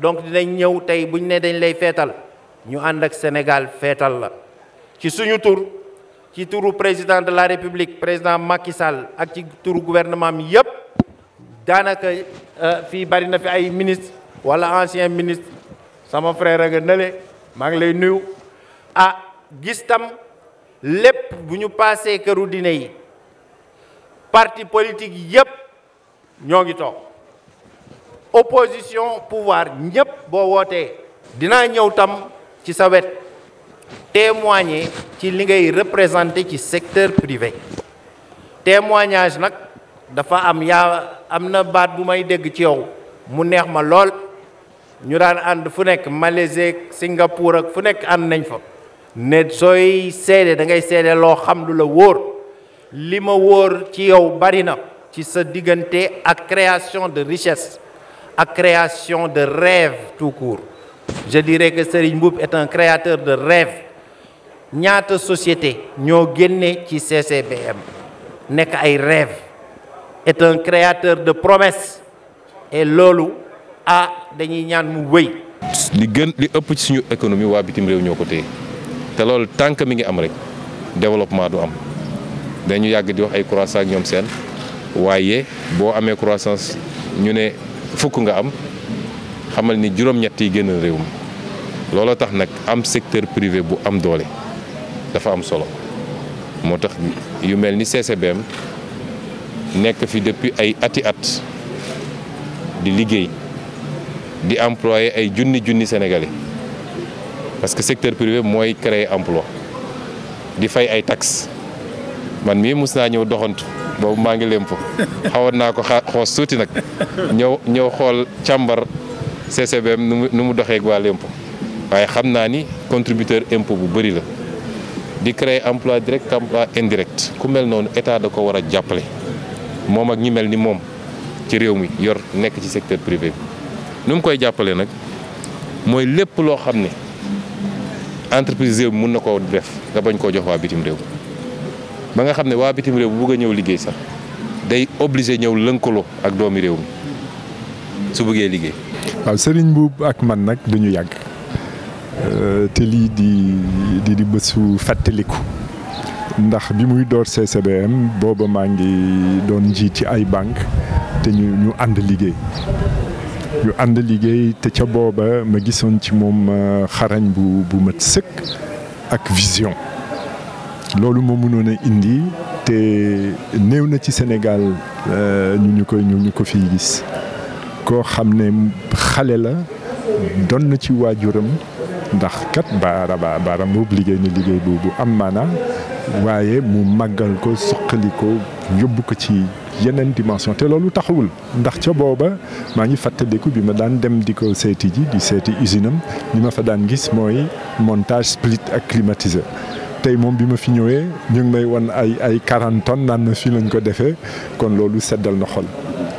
donc dinañ ñëw tey buñ nee dañ lay feetal ñu ànd ak Sénégal feetal la ci suñu tur ci turu président de la république président Macky Sall ak ci turu gouvernement am yëpp daanaka euh, fii bari na fi ay ministre wala ancien ministre sama frère nga nële maa ngi lay nuyu ah gis tam lépp bu ñu paasee këru dine yi parti politique yëpp ñoo ngi toog opposition pouvoir ñépp boo wootee dinaa ñëw tam ci sa wet témoigner ci li ngay représenter ci secteur privé témoignage nag dafa am yaa am na baat bu may dégg ci yow mu neex ma lool ñu daan ànd fu nekk Malaisie ak Singapour ak fu nekk ànd nañ fa ne sooy seedee da ngay seede loo xam du la wóor li ma wóor ci yow bari na ci sa diggante ak création de richesse ak création de rêve tout court je dire que Serigne Mboup et un créateur de rêve ñaata société ñoo génne ci CCBM nekk ay rêve est un créateur de promesse et loolu ah dañuy ñaan mu wéy. li gën li ëpp ci suñu économie waa bitim réew ñoo ko téye te loolu tànk mi ngi am rek développement du am dañu yàgg di wax ay croissance ak ñoom seen waaye boo amee croissance ñu ne. fukk nga am xamal ni juróom-ñett yi génn réew mi looloo tax nag am secteur privé bu am doole dafa am solo moo tax yu mel ni CCBM nekk fi depuis ay ati at di liggéey di employé ay junni junni sénégalais parce que secteur privé mooy créer emploi di fay ay tax man mii mus naa ñëw doxant boobu maa ngi lémp xawoon naa ko xoos tuuti nag ñëw ñëw xool càmbar CCBM nu mu nu mu doxee ak waa lémp waaye xam naa ni contributeur impôt bu bëri la di créer emploi direct emploi indirect ku mel noonu état da ko war a jàppale moom ak ñi mel ni moom ci réew mi yor nekk ci secteur privé bi nu mu koy jàppale nag mooy lépp loo xam ne entreprise réew mun na koo def nga bañ koo jox waa bitim réew ba nga xam ne waa bitim réew bu bëgg a ñëw liggéey sax day obligé ñëw lënkaloo ak doomi réew mi su bëggee liggéey. waaw Serigne Mboup ak man nag duñu yàgg euh, te lii di di di bësu fàttaliku ndax bi muy door CCBM booba maa ngi doon njiit ci ay banque te ñu ñu ànd liggéey. ñu ànd liggéey te ca booba ma gisoon ci moom euh, xarañ bu bu mat sëkk ak vision. loolu moo mënoon a indi te néew na ci Sénégal euh, ñu ñu ko ñu ñu ko fiy gis koo xam ne xale la doon na ci waajuram ndax kat baara baara boobu liggéey na liggéey bu bu am maanaam waaye mu màggal ko suqali ko yóbbu ko ci yeneen dimension te loolu taxawul ndax ca booba maa ngi fàttaliku bi ma daan dem di ko seeti ji di seeti usine am li ma fa daan gis mooy montage split ak climatiseur tey moom bi ma fi ñëwee ñu may wan ay ay 40 tonnes naan na fii lañ ko defee kon loolu seddal na xol.